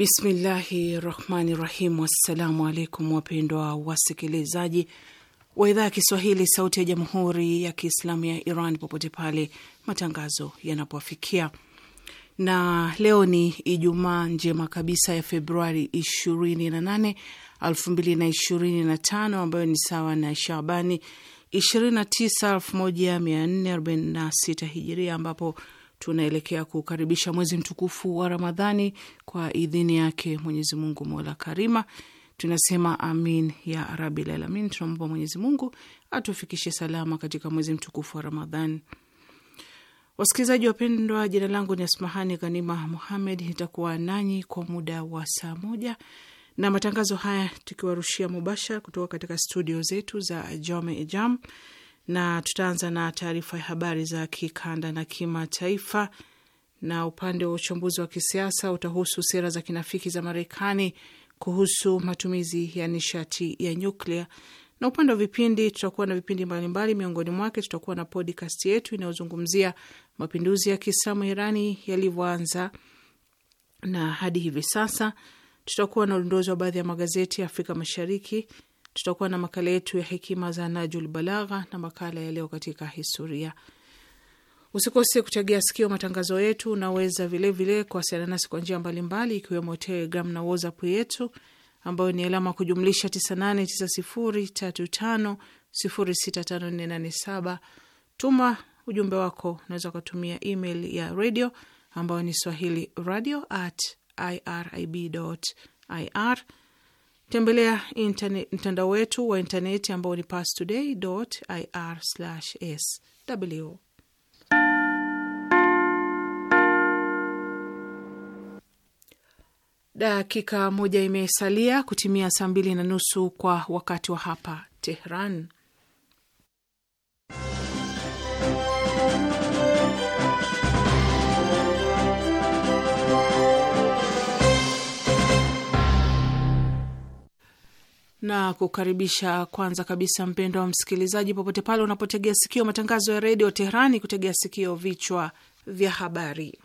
Bismillahi rahmani rahim. Wassalamu alaikum wapendwa wasikilizaji wa idhaa ya Kiswahili sauti ya jamhuri ya Kiislamu ya Iran popote pale matangazo yanapoafikia Na leo ni Ijumaa njema kabisa ya Februari 28, 2025 ambayo ni sawa na Shabani 29, 1446 hijiria ambapo tunaelekea kukaribisha mwezi mtukufu wa Ramadhani kwa idhini yake Mwenyezi Mungu mola karima. Tunasema amin ya rabil alamin. Tunamwomba Mwenyezi Mungu atufikishe salama katika mwezi mtukufu wa Ramadhani. Wasikilizaji wapendwa, jina langu ni Asmahani Ghanima Muhamed, nitakuwa nanyi kwa muda wa saa moja na matangazo haya tukiwarushia mubashara kutoka katika studio zetu za Jome Jam na tutaanza na taarifa ya habari za kikanda na kimataifa, na upande wa uchambuzi wa kisiasa utahusu sera za kinafiki za Marekani kuhusu matumizi ya nishati ya nyuklia na upande wa vipindi tutakuwa na vipindi mbalimbali. Miongoni mwake tutakuwa na podcast yetu inayozungumzia mapinduzi ya Kiislamu Irani yalivyoanza na hadi hivi sasa. Tutakuwa na udondozi wa baadhi ya magazeti ya Afrika Mashariki tutakuwa na makala yetu ya hekima za Najul Balagha na makala ya leo katika historia. Usikose kutegea sikio matangazo yetu. Unaweza vilevile kuwasiliana nasi kwa njia mbalimbali, ikiwemo Telegram na WhatsApp yetu ambayo ni alama kujumlisha 989035065487. Tuma ujumbe wako, unaweza ukatumia email ya radio ambayo ni swahili radio at irib.ir tembelea mtandao wetu wa intaneti ambao ni pastoday.ir/sw. Dakika moja imesalia kutimia saa mbili na nusu kwa wakati wa hapa Tehran. na kukaribisha kwanza kabisa mpendo wa msikilizaji, popote pale unapotegea sikio matangazo ya redio Teherani, kutegea sikio vichwa vya habari.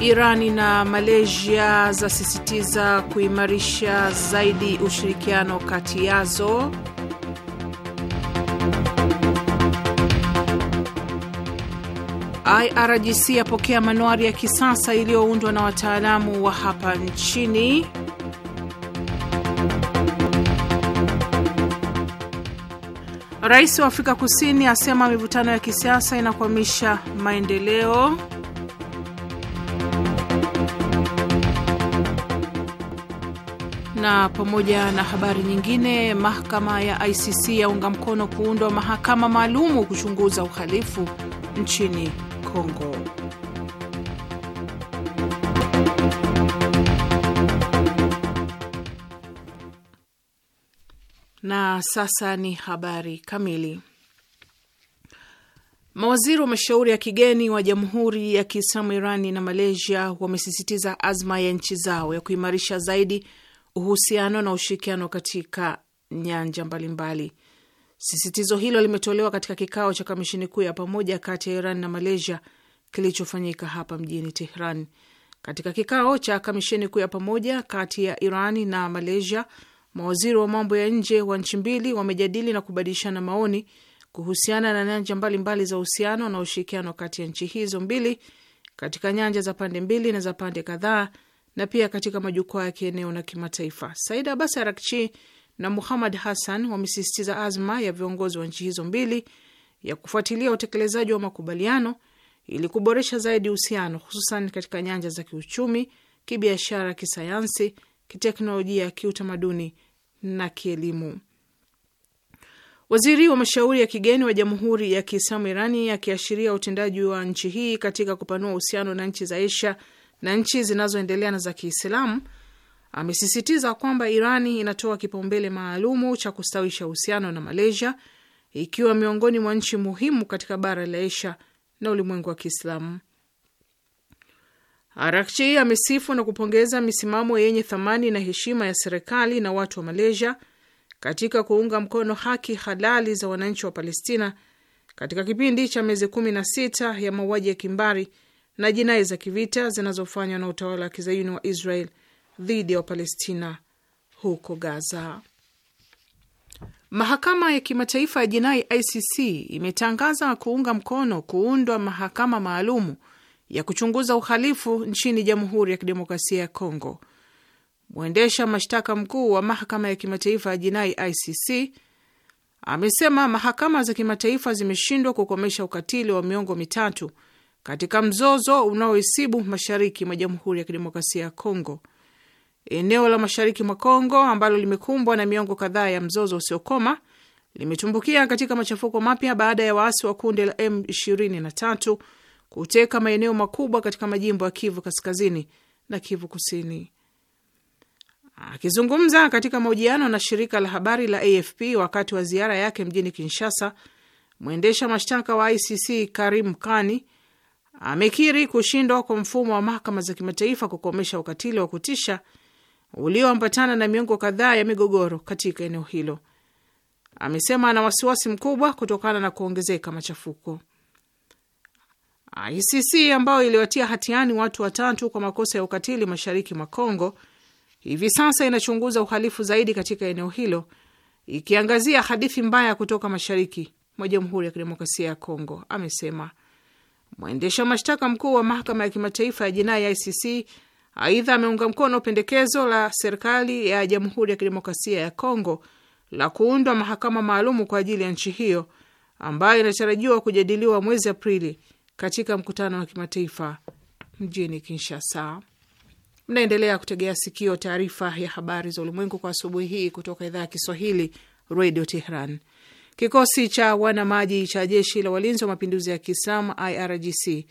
Irani na Malaysia zasisitiza kuimarisha zaidi ushirikiano kati yazo. IRGC yapokea manuari ya kisasa iliyoundwa na wataalamu wa hapa nchini. Rais wa Afrika Kusini asema mivutano ya kisiasa inakwamisha maendeleo. Na pamoja na habari nyingine, mahakama ya ICC yaunga mkono kuundwa mahakama maalumu kuchunguza uhalifu nchini Kongo. Na sasa ni habari kamili. Mawaziri wa mashauri ya kigeni wa Jamhuri ya Kiislamu Irani na Malaysia wamesisitiza azma ya nchi zao ya kuimarisha zaidi uhusiano na ushirikiano katika nyanja mbalimbali mbali. Sisitizo hilo limetolewa katika kikao cha kamishini kuu ya pamoja kati ya Iran na Malaysia kilichofanyika hapa mjini Tehran. Katika kikao cha kamisheni kuu ya pamoja kati ya Iran na Malaysia, mawaziri wa mambo ya nje wa nchi mbili wamejadili na kubadilishana maoni kuhusiana na nyanja mbalimbali za uhusiano na ushirikiano kati ya nchi hizo mbili katika nyanja za pande mbili na za pande kadhaa na pia katika majukwaa ya kieneo na kimataifa. Said Arakchi, na Muhamad Hassan wamesisitiza azma ya viongozi wa nchi hizo mbili ya kufuatilia utekelezaji wa makubaliano ili kuboresha zaidi uhusiano, hususan katika nyanja za kiuchumi, kibiashara, kisayansi, kiteknolojia, kiutamaduni na kielimu. Waziri wa mashauri ya kigeni wa Jamhuri ya Kiislamu Irani akiashiria utendaji wa nchi hii katika kupanua uhusiano na nchi za Asia na nchi zinazoendelea na za Kiislamu amesisitiza kwamba Irani inatoa kipaumbele maalumu cha kustawisha uhusiano na Malaysia, ikiwa miongoni mwa nchi muhimu katika bara la Asia na ulimwengu wa Kiislamu. Arakchi amesifu na kupongeza misimamo yenye thamani na heshima ya serikali na watu wa Malaysia katika kuunga mkono haki halali za wananchi wa Palestina katika kipindi cha miezi sita ya mauaji ya kimbari na jinai za kivita zinazofanywa na utawala wa kizayuni wa Israel dhidi ya Wapalestina huko Gaza. Mahakama ya Kimataifa ya Jinai ICC imetangaza kuunga mkono kuundwa mahakama maalumu ya kuchunguza uhalifu nchini Jamhuri ya Kidemokrasia ya Kongo. Mwendesha mashtaka mkuu wa mahakama ya kimataifa ya jinai ICC amesema mahakama za kimataifa zimeshindwa kukomesha ukatili wa miongo mitatu katika mzozo unaohisibu mashariki mwa Jamhuri ya Kidemokrasia ya Kongo Eneo la mashariki mwa Kongo ambalo limekumbwa na miongo kadhaa ya mzozo usiokoma limetumbukia katika machafuko mapya baada ya waasi wa kundi la M23 kuteka maeneo makubwa katika majimbo ya Kivu Kaskazini na Kivu Kusini. Akizungumza katika mahojiano na shirika la habari la AFP wakati wa ziara yake mjini Kinshasa, mwendesha mashtaka wa ICC Karim Kani amekiri kushindwa kwa mfumo wa mahakama za kimataifa kukomesha ukatili wa kutisha ulioambatana na miongo kadhaa ya migogoro katika eneo hilo. Amesema ana wasiwasi mkubwa kutokana na kuongezeka machafuko. ICC ambayo iliwatia hatiani watu watatu kwa makosa ya ukatili mashariki mwa Kongo hivi sasa inachunguza uhalifu zaidi katika eneo hilo, ikiangazia hadithi mbaya kutoka mashariki mwa Jamhuri ya Kidemokrasia ya Kongo, amesema mwendesha mashtaka mkuu wa mahakama ya kimataifa ya jinai ICC Aidha, ameunga mkono pendekezo la serikali ya Jamhuri ya Kidemokrasia ya Kongo la kuundwa mahakama maalumu kwa ajili ya nchi hiyo ambayo inatarajiwa kujadiliwa mwezi Aprili katika mkutano wa kimataifa mjini Kinshasa. Mnaendelea kutegea sikio taarifa ya habari za ulimwengu kwa asubuhi hii kutoka idhaa ya Kiswahili, Radio Tehran. Kikosi cha wanamaji cha jeshi la walinzi wa mapinduzi ya Kiislamu IRGC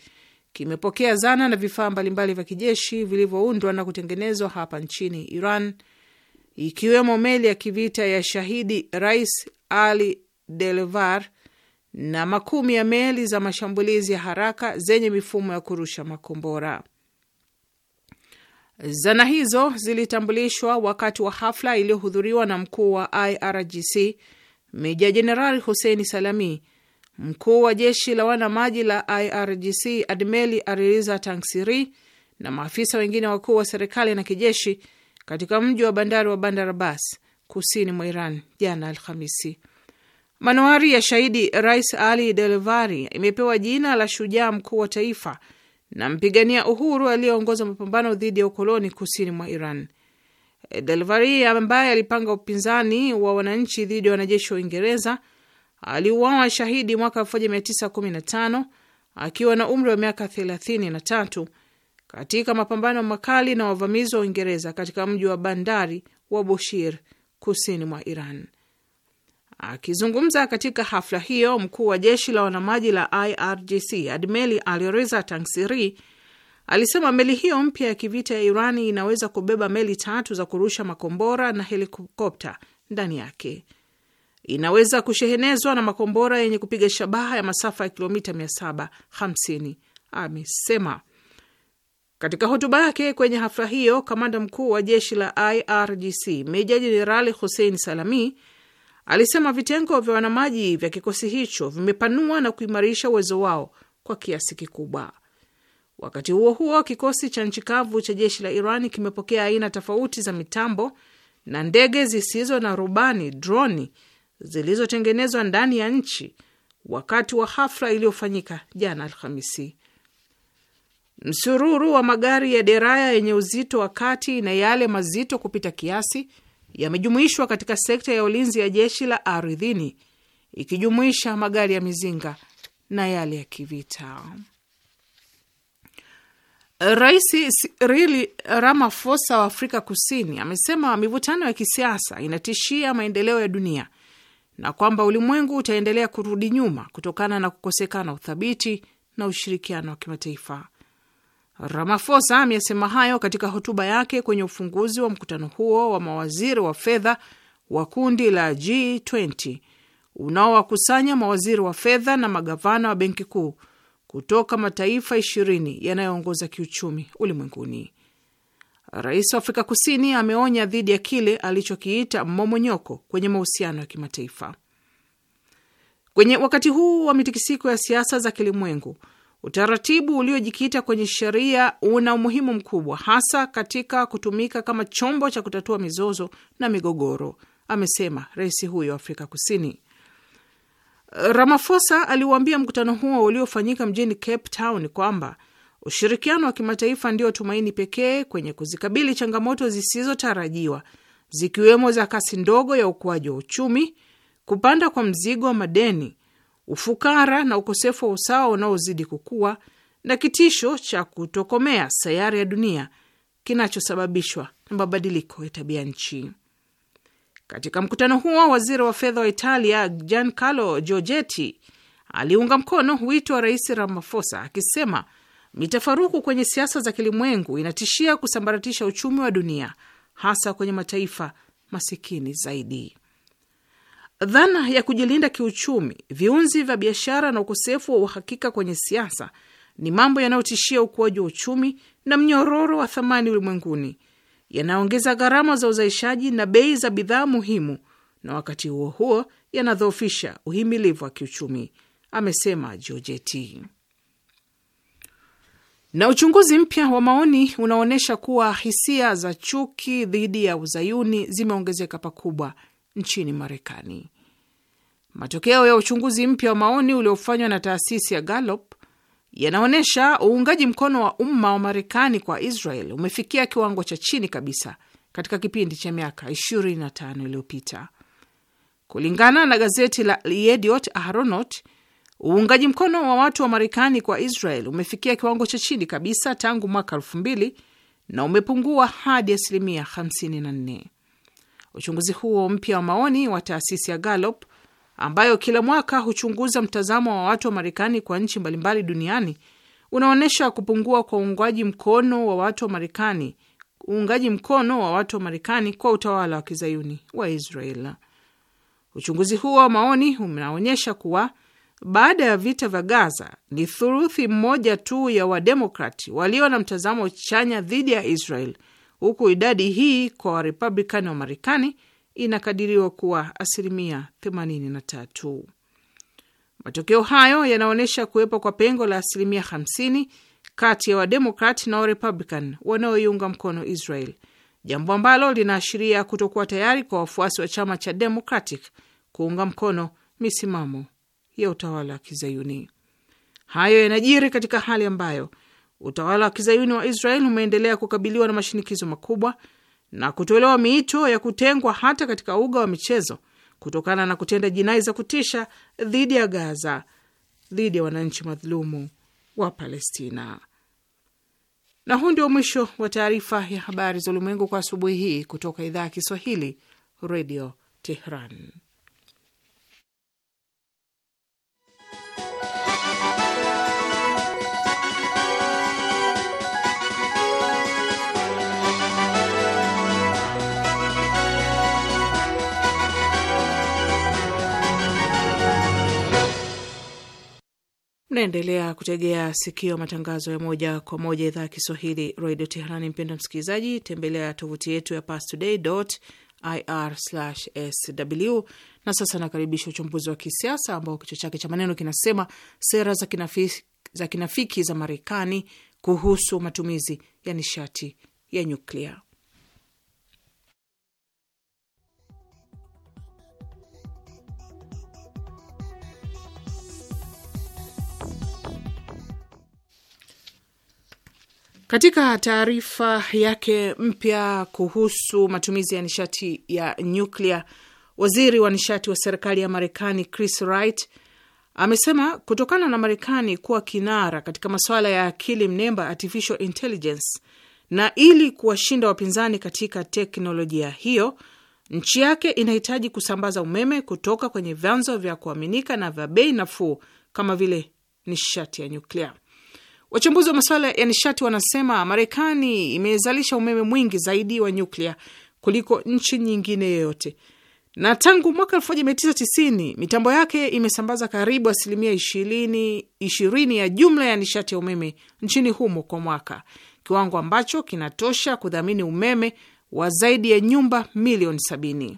kimepokea zana na vifaa mbalimbali vya kijeshi vilivyoundwa na kutengenezwa hapa nchini Iran, ikiwemo meli ya kivita ya Shahidi Rais Ali Delvar na makumi ya meli za mashambulizi ya haraka zenye mifumo ya kurusha makombora. Zana hizo zilitambulishwa wakati wa hafla iliyohudhuriwa na mkuu wa IRGC Meja Jenerali Hussein Salami Mkuu wa jeshi la wanamaji la IRGC Admeli Ariliza Tangsiri na maafisa wengine wakuu wa serikali na kijeshi katika mji wa bandari wa Bandar Abbas kusini mwa Iran jana Alhamisi. Manuari ya shahidi Rais Ali Delvari imepewa jina la shujaa mkuu wa taifa na mpigania uhuru aliyeongoza mapambano dhidi ya ukoloni kusini mwa Iran. Delvari ambaye alipanga upinzani wa wananchi dhidi ya wanajeshi wa Uingereza aliuawa shahidi mwaka 1915 akiwa na umri wa miaka 33 katika mapambano makali na wavamizi wa Uingereza katika mji wa bandari wa Bushir kusini mwa Iran. Akizungumza katika hafla hiyo, mkuu wa jeshi la wanamaji la IRGC Admeli Alireza Tangsiri alisema meli hiyo mpya ya kivita ya Irani inaweza kubeba meli tatu za kurusha makombora na helikopta ndani yake inaweza kushehenezwa na makombora yenye kupiga shabaha ya masafa ya kilomita 750, amesema. Katika hotuba yake kwenye hafla hiyo, kamanda mkuu wa jeshi la IRGC meja jenerali Hussein Salami alisema vitengo vya wanamaji vya kikosi hicho vimepanua na kuimarisha uwezo wao kwa kiasi kikubwa. Wakati huo huo, kikosi cha nchi kavu cha jeshi la iran kimepokea aina tofauti za mitambo na ndege zisizo na rubani droni zilizotengenezwa ndani ya nchi wakati wa hafla iliyofanyika jana Alhamisi. Msururu wa magari ya deraya yenye uzito wa kati na yale mazito kupita kiasi yamejumuishwa katika sekta ya ulinzi ya jeshi la ardhini ikijumuisha magari ya mizinga na yale ya kivita. Rais Cyril Ramaphosa wa Afrika Kusini amesema mivutano ya kisiasa inatishia maendeleo ya dunia na kwamba ulimwengu utaendelea kurudi nyuma kutokana na kukosekana uthabiti na ushirikiano wa kimataifa. ramafosa amesema hayo katika hotuba yake kwenye ufunguzi wa mkutano huo wa mawaziri wa fedha wa kundi la G20 unaowakusanya mawaziri wa fedha na magavana wa benki kuu kutoka mataifa ishirini yanayoongoza kiuchumi ulimwenguni. Rais wa Afrika Kusini ameonya dhidi ya kile alichokiita mmomonyoko kwenye mahusiano ya kimataifa. Kwenye wakati huu wa mitikisiko ya siasa za kilimwengu, utaratibu uliojikita kwenye sheria una umuhimu mkubwa, hasa katika kutumika kama chombo cha kutatua mizozo na migogoro, amesema rais huyo wa Afrika Kusini. Ramaphosa aliuambia mkutano huo uliofanyika mjini Cape Town kwamba Ushirikiano wa kimataifa ndio tumaini pekee kwenye kuzikabili changamoto zisizotarajiwa zikiwemo za kasi ndogo ya ukuaji wa uchumi, kupanda kwa mzigo wa madeni, ufukara na ukosefu wa usawa unaozidi kukua na kitisho cha kutokomea sayari ya dunia kinachosababishwa na mabadiliko ya tabia nchi. Katika mkutano huo, waziri wa fedha wa Italia Giancarlo Giorgetti aliunga mkono wito wa Rais Ramaphosa akisema Mitafaruku kwenye siasa za kilimwengu inatishia kusambaratisha uchumi wa dunia, hasa kwenye mataifa masikini zaidi. Dhana ya kujilinda kiuchumi, viunzi vya biashara na ukosefu wa uhakika kwenye siasa ni mambo yanayotishia ukuaji wa uchumi na mnyororo wa thamani ulimwenguni, yanaongeza gharama za uzalishaji na bei za bidhaa muhimu, na wakati huo huo yanadhoofisha uhimilivu wa kiuchumi, amesema Giorgetti. Na uchunguzi mpya wa maoni unaonyesha kuwa hisia za chuki dhidi ya uzayuni zimeongezeka pakubwa nchini Marekani. Matokeo ya uchunguzi mpya wa maoni uliofanywa na taasisi ya Gallup yanaonyesha uungaji mkono wa umma wa Marekani kwa Israel umefikia kiwango cha chini kabisa katika kipindi cha miaka 25 iliyopita. Kulingana na gazeti la Yediot Ahronot Uungaji mkono wa watu wa Marekani kwa Israel umefikia kiwango cha chini kabisa tangu mwaka elfu mbili na umepungua hadi asilimia 54. Uchunguzi huo mpya wa maoni wa taasisi ya Gallup ambayo kila mwaka huchunguza mtazamo wa watu wa Marekani kwa nchi mbalimbali duniani unaonyesha kupungua kwa uungaji mkono wa watu wa Marekani uungaji mkono wa watu wa Marekani kwa utawala wa kizayuni wa Israel. Uchunguzi huo wa maoni unaonyesha kuwa baada ya vita vya Gaza, ni thuruthi mmoja tu ya Wademokrati walio na mtazamo chanya dhidi ya Israel, huku idadi hii kwa Warepublikani wa Marekani inakadiriwa kuwa asilimia 83. Matokeo hayo yanaonyesha kuwepo kwa pengo la asilimia 50 kati ya Wademokrati na Warepublican wanaoiunga mkono Israel, jambo ambalo linaashiria kutokuwa tayari kwa wafuasi wa chama cha Democratic kuunga mkono misimamo ya utawala wa Kizayuni. Hayo yanajiri katika hali ambayo utawala wa Kizayuni wa Israeli umeendelea kukabiliwa na mashinikizo makubwa na kutolewa miito ya kutengwa hata katika uga wa michezo kutokana na kutenda jinai za kutisha dhidi ya Gaza, dhidi ya wananchi madhulumu wa Palestina. Na huu ndio mwisho wa taarifa ya habari za ulimwengu kwa asubuhi hii kutoka idhaa ya Kiswahili, Redio Tehran. Mnaendelea kutegea sikio matangazo ya moja kwa moja idhaa ya Kiswahili radio Teherani. Mpendwa msikilizaji, tembelea tovuti yetu ya pastoday.ir/sw. Na sasa nakaribisha uchambuzi wa kisiasa ambao kichwa chake cha maneno kinasema sera za kinafiki za, kinafiki za Marekani kuhusu matumizi ya nishati ya nyuklia. Katika taarifa yake mpya kuhusu matumizi ya nishati ya nyuklia, waziri wa nishati wa serikali ya Marekani Chris Wright amesema kutokana na Marekani kuwa kinara katika masuala ya akili mnemba, artificial intelligence, na ili kuwashinda wapinzani katika teknolojia hiyo, nchi yake inahitaji kusambaza umeme kutoka kwenye vyanzo vya kuaminika na vya bei nafuu kama vile nishati ya nyuklia. Wachambuzi wa masuala ya nishati wanasema Marekani imezalisha umeme mwingi zaidi wa nyuklia kuliko nchi nyingine yoyote, na tangu mwaka 1990 mitambo yake imesambaza karibu asilimia ishirini ishirini ya jumla ya nishati ya umeme nchini humo kwa mwaka, kiwango ambacho kinatosha kudhamini umeme wa zaidi ya nyumba milioni 70.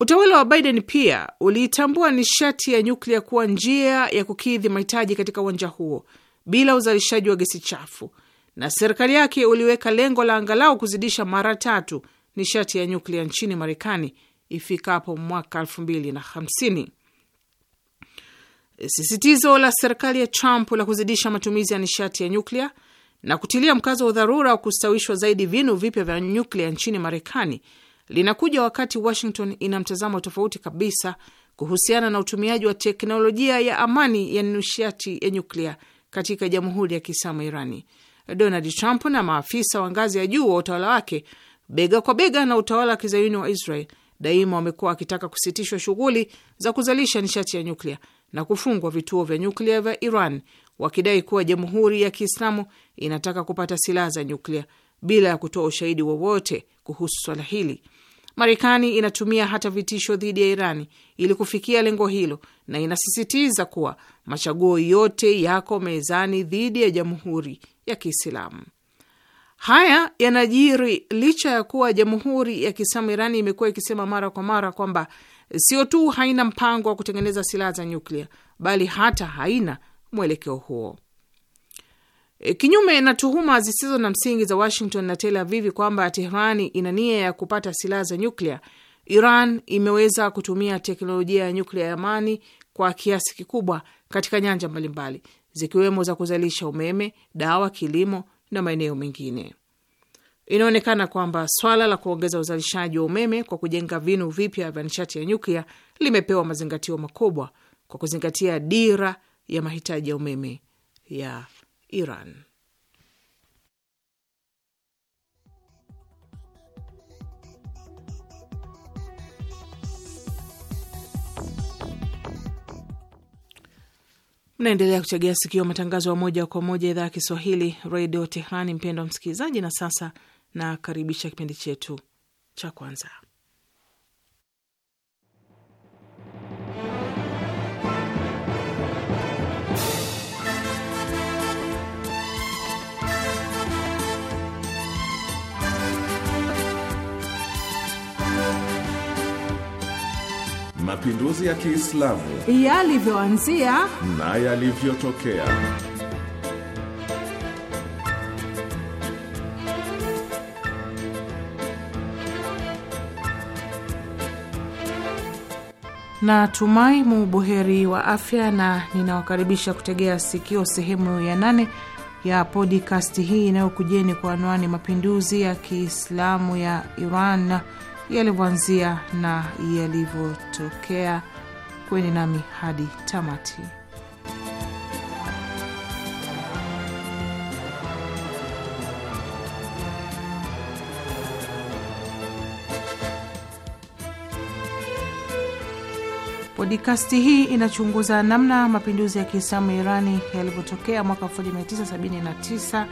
Utawala wa Biden pia uliitambua nishati ya nyuklia kuwa njia ya kukidhi mahitaji katika uwanja huo bila uzalishaji wa gesi chafu, na serikali yake uliweka lengo la angalau kuzidisha mara tatu nishati ya nyuklia nchini Marekani ifikapo mwaka 2050. Sisitizo la serikali ya Trump la kuzidisha matumizi ya nishati ya nyuklia na kutilia mkazo wa udharura wa kustawishwa zaidi vinu vipya vya nyuklia nchini Marekani linakuja wakati Washington ina mtazamo tofauti kabisa kuhusiana na utumiaji wa teknolojia ya amani ya nishati ya nyuklia katika jamhuri ya Kiislamu Irani. Donald Trump na maafisa wa ngazi ya juu wa utawala wake bega kwa bega na utawala wa kizayuni wa Israel daima wamekuwa wakitaka kusitishwa shughuli za kuzalisha nishati ya nyuklia na kufungwa vituo vya nyuklia vya Iran, wakidai kuwa jamhuri ya Kiislamu inataka kupata silaha za nyuklia bila ya kutoa ushahidi wowote kuhusu swala hili. Marekani inatumia hata vitisho dhidi ya Irani ili kufikia lengo hilo, na inasisitiza kuwa machaguo yote yako mezani dhidi ya Jamhuri ya Kiislamu. Haya yanajiri licha ya kuwa Jamhuri ya Kiislamu Irani imekuwa ikisema mara kwa mara kwamba sio tu haina mpango wa kutengeneza silaha za nyuklia, bali hata haina mwelekeo huo. E, kinyume na tuhuma zisizo na msingi za Washington na Tel Avivi kwamba Tehrani ina nia ya kupata silaha za nyuklia, Iran imeweza kutumia teknolojia ya nyuklia ya amani kwa kiasi kikubwa katika nyanja mbalimbali zikiwemo za kuzalisha umeme, dawa, kilimo na maeneo mengine. Inaonekana kwamba swala la kuongeza uzalishaji wa umeme kwa kujenga vinu vipya vya nishati ya nyuklia limepewa mazingatio makubwa kwa kuzingatia dira ya mahitaji ya umeme ya Iran. Naendelea kuchegea sikio matangazo ya moja kwa moja idhaa ya Kiswahili redio Tehrani. Mpendwa msikilizaji, na sasa nakaribisha kipindi chetu cha kwanza mapinduzi ya Kiislamu yalivyoanzia na yalivyotokea. na tumai wa afya, na ninawakaribisha kutegea sikio sehemu ya nane ya podcast hii inayokujeni kwa anwani mapinduzi ya Kiislamu ya Iran yalivyoanzia na yalivyotokea. Kweni nami hadi tamati. Podikasti hii inachunguza namna mapinduzi ya Kiislamu Irani yalivyotokea mwaka 1979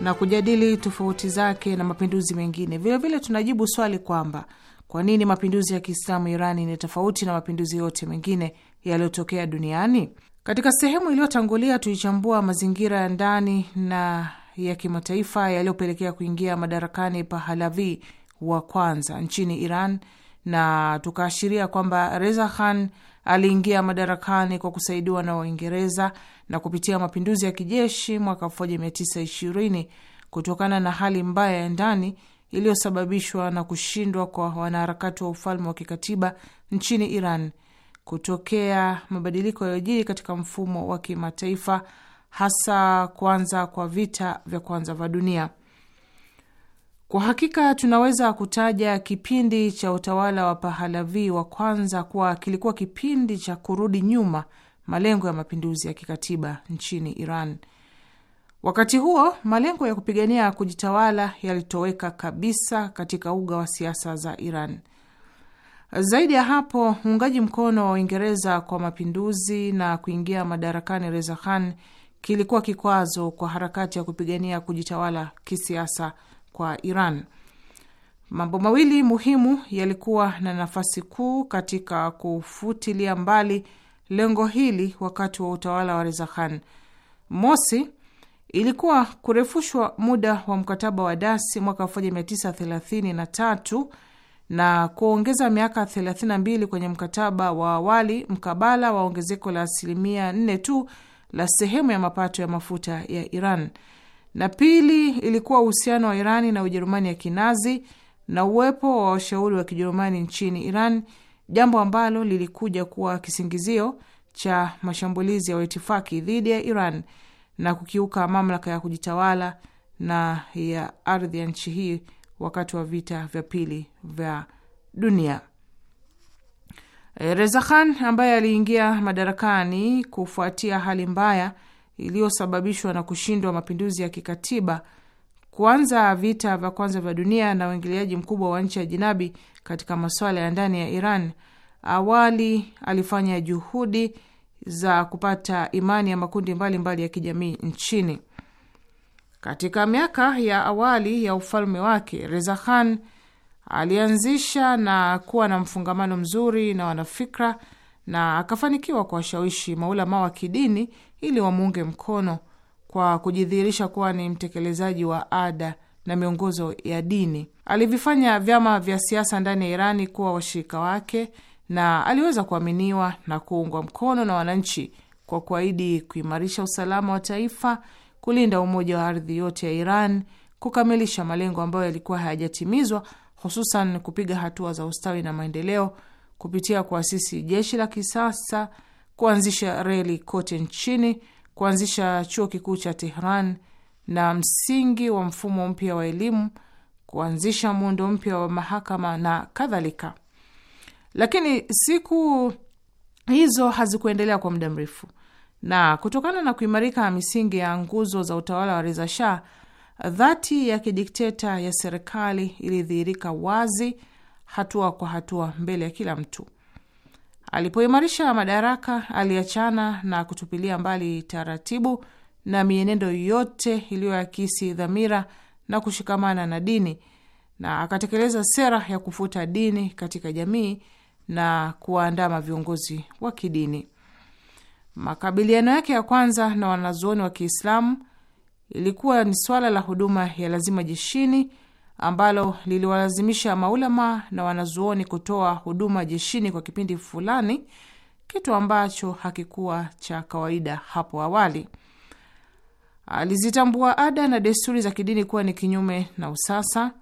na kujadili tofauti zake na mapinduzi mengine. Vilevile tunajibu swali kwamba kwa nini mapinduzi ya Kiislamu Irani ni tofauti na mapinduzi yote mengine yaliyotokea duniani. Katika sehemu iliyotangulia tulichambua mazingira ya ndani na ya kimataifa yaliyopelekea kuingia madarakani Pahalavi wa kwanza nchini Iran na tukaashiria kwamba Reza Khan aliingia madarakani kwa kusaidiwa na Waingereza na kupitia mapinduzi ya kijeshi mwaka 1920 kutokana na hali mbaya ya ndani iliyosababishwa na kushindwa kwa wanaharakati wa ufalme wa kikatiba nchini Iran kutokea mabadiliko yaliyojiri katika mfumo wa kimataifa hasa kuanza kwa vita vya kwanza vya dunia. Kwa hakika tunaweza kutaja kipindi cha utawala wa Pahalavi wa kwanza kuwa kilikuwa kipindi cha kurudi nyuma malengo ya mapinduzi ya kikatiba nchini Iran. Wakati huo malengo ya kupigania kujitawala yalitoweka kabisa katika uga wa siasa za Iran. Zaidi ya hapo, uungaji mkono wa Uingereza kwa mapinduzi na kuingia madarakani Reza Khan kilikuwa kikwazo kwa harakati ya kupigania kujitawala kisiasa kwa Iran. Mambo mawili muhimu yalikuwa na nafasi kuu katika kufutilia mbali lengo hili wakati wa utawala wa Reza Khan. Mosi ilikuwa kurefushwa muda wa mkataba wa Dasi mwaka 1933 na kuongeza miaka 32 kwenye mkataba wa awali mkabala wa ongezeko la asilimia 4 tu la sehemu ya mapato ya mafuta ya Iran na pili ilikuwa uhusiano wa Irani na Ujerumani ya Kinazi na uwepo wa washauri wa Kijerumani nchini Iran, jambo ambalo lilikuja kuwa kisingizio cha mashambulizi ya waitifaki dhidi ya Iran na kukiuka mamlaka ya kujitawala na ya ardhi ya nchi hii wakati wa vita vya pili vya dunia. Eh, Reza Khan ambaye aliingia madarakani kufuatia hali mbaya iliyosababishwa na kushindwa mapinduzi ya kikatiba, kuanza vita vya kwanza vya dunia na uingiliaji mkubwa wa nchi ya jinabi katika masuala ya ndani ya Iran. Awali alifanya juhudi za kupata imani ya makundi mbalimbali mbali ya kijamii nchini. Katika miaka ya awali ya ufalme wake, Reza Khan alianzisha na kuwa na mfungamano mzuri na wanafikra na akafanikiwa kuwashawishi maulamaa wa kidini ili wamuunge mkono kwa kujidhihirisha kuwa ni mtekelezaji wa ada na miongozo ya dini. Alivifanya vyama vya siasa ndani ya Irani kuwa washirika wake na aliweza kuaminiwa na kuungwa mkono na wananchi kwa kuahidi kuimarisha usalama wa taifa, kulinda umoja wa ardhi yote ya Iran, kukamilisha malengo ambayo yalikuwa hayajatimizwa, hususan kupiga hatua za ustawi na maendeleo kupitia kuasisi jeshi la kisasa, kuanzisha reli kote nchini, kuanzisha chuo kikuu cha Tehran na msingi wa mfumo mpya wa elimu, kuanzisha muundo mpya wa mahakama na kadhalika. Lakini siku hizo hazikuendelea kwa muda mrefu, na kutokana na kuimarika misingi ya nguzo za utawala wa Reza Shah, dhati ya kidikteta ya serikali ilidhihirika wazi hatua kwa hatua mbele ya kila mtu. Alipoimarisha madaraka, aliachana na kutupilia mbali taratibu na mienendo yote iliyoakisi dhamira na kushikamana na dini na akatekeleza sera ya kufuta dini katika jamii na kuwaandama viongozi wa kidini. Makabiliano yake ya kwanza na wanazuoni wa Kiislamu ilikuwa ni swala la huduma ya lazima jeshini ambalo liliwalazimisha maulama na wanazuoni kutoa huduma jeshini kwa kipindi fulani, kitu ambacho hakikuwa cha kawaida hapo awali. Alizitambua ada na desturi za kidini kuwa ni kinyume na usasa.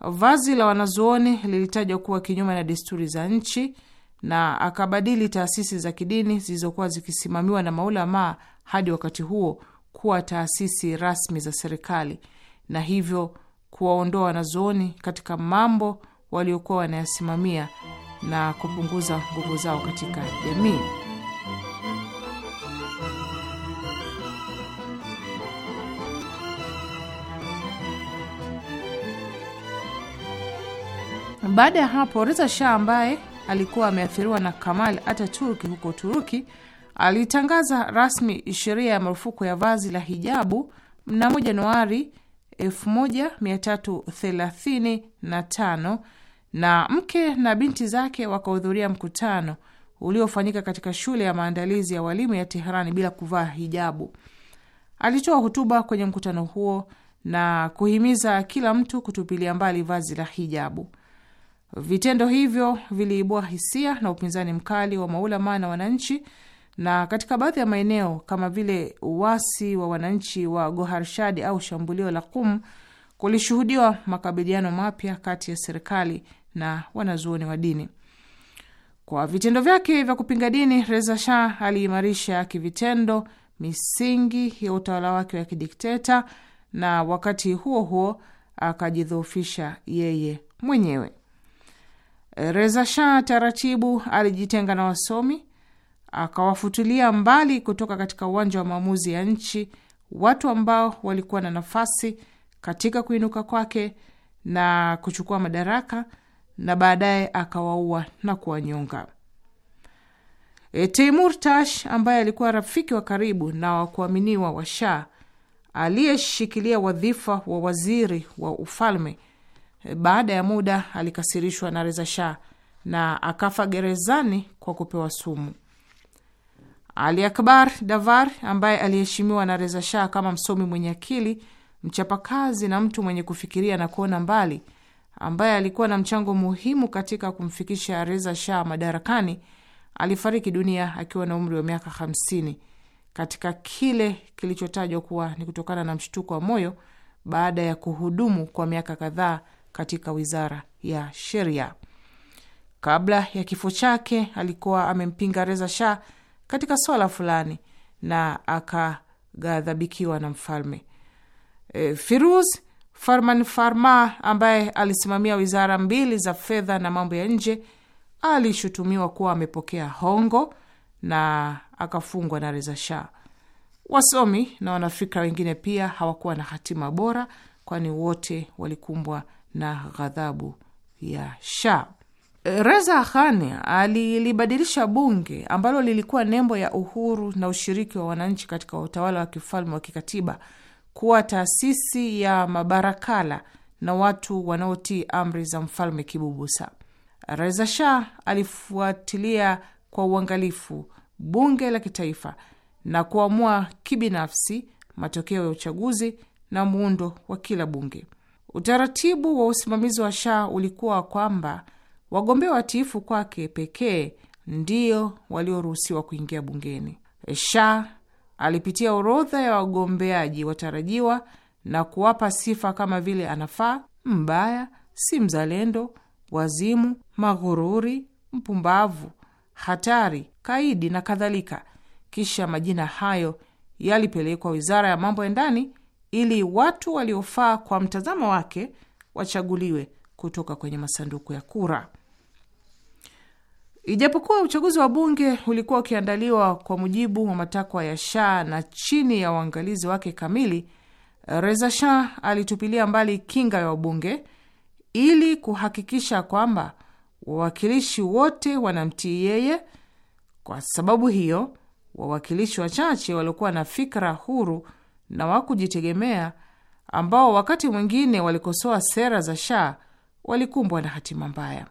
Vazi la wanazuoni lilitajwa kuwa kinyume na desturi za nchi, na akabadili taasisi za kidini zilizokuwa zikisimamiwa na maulama hadi wakati huo kuwa taasisi rasmi za serikali na hivyo kuwaondoa wanazuoni katika mambo waliokuwa wanayasimamia na kupunguza nguvu zao katika jamii. Baada ya hapo Reza Shah ambaye alikuwa ameathiriwa na Kamal Ataturki huko Uturuki alitangaza rasmi sheria ya marufuku ya vazi la hijabu mnamo Januari 1335 na mke na binti zake wakahudhuria mkutano uliofanyika katika shule ya maandalizi ya walimu ya Teherani bila kuvaa hijabu. Alitoa hotuba kwenye mkutano huo na kuhimiza kila mtu kutupilia mbali vazi la hijabu. Vitendo hivyo viliibua hisia na upinzani mkali wa maulama na wananchi na katika baadhi ya maeneo kama vile uasi wa wananchi wa Goharshad au shambulio la Qum kulishuhudiwa makabiliano mapya kati ya serikali na wanazuoni wa dini. Kwa vitendo vyake vya kupinga dini, Reza Shah aliimarisha kivitendo misingi ya utawala wake wa kidikteta na wakati huo huo akajidhoofisha yeye mwenyewe. Reza Shah taratibu alijitenga na wasomi akawafutilia mbali kutoka katika uwanja wa maamuzi ya nchi watu ambao walikuwa na nafasi katika kuinuka kwake na kuchukua madaraka na baadaye akawaua na kuwanyonga. E, Timur Tash ambaye alikuwa rafiki wa karibu na wa kuaminiwa wa Shah aliyeshikilia wadhifa wa waziri wa ufalme, e, baada ya muda alikasirishwa na Reza Shah na akafa gerezani kwa kupewa sumu. Ali Akbar Davar ambaye aliheshimiwa na Reza Shah kama msomi mwenye akili, mchapakazi na mtu mwenye kufikiria na kuona mbali, ambaye alikuwa na mchango muhimu katika kumfikisha Reza Shah madarakani, alifariki dunia akiwa na umri wa miaka 50 katika kile kilichotajwa kuwa ni kutokana na mshtuko wa moyo baada ya kuhudumu kwa miaka kadhaa katika wizara ya sheria. Kabla ya kifo chake, alikuwa amempinga Reza Shah katika swala fulani na akaghadhabikiwa na mfalme. E, Firuz Farman Farma ambaye alisimamia wizara mbili za fedha na mambo ya nje alishutumiwa kuwa amepokea hongo na akafungwa na Reza Shah. Wasomi na wanafikra wengine pia hawakuwa na hatima bora, kwani wote walikumbwa na ghadhabu ya Shah. Reza Khani alilibadilisha bunge ambalo lilikuwa nembo ya uhuru na ushiriki wa wananchi katika utawala wa kifalme wa kikatiba kuwa taasisi ya mabarakala na watu wanaotii amri za mfalme kibubusa. Reza Shah alifuatilia kwa uangalifu bunge la kitaifa na kuamua kibinafsi matokeo ya uchaguzi na muundo wa kila bunge. Utaratibu wa usimamizi wa Shah ulikuwa kwamba Wagombea watiifu kwake pekee ndio walioruhusiwa kuingia bungeni. sha alipitia orodha ya wagombeaji watarajiwa na kuwapa sifa kama vile anafaa, mbaya, si mzalendo, wazimu, maghururi, mpumbavu, hatari, kaidi na kadhalika. Kisha majina hayo yalipelekwa wizara ya mambo ya ndani ili watu waliofaa kwa mtazamo wake wachaguliwe kutoka kwenye masanduku ya kura. Ijapokuwa uchaguzi wa bunge ulikuwa ukiandaliwa kwa mujibu wa matakwa ya Shah na chini ya uangalizi wake kamili, Reza Shah alitupilia mbali kinga ya wabunge ili kuhakikisha kwamba wawakilishi wote wanamtii yeye. Kwa sababu hiyo, wawakilishi wachache waliokuwa na fikra huru na wa kujitegemea, ambao wakati mwingine walikosoa sera za Shah, walikumbwa na hatima mbaya.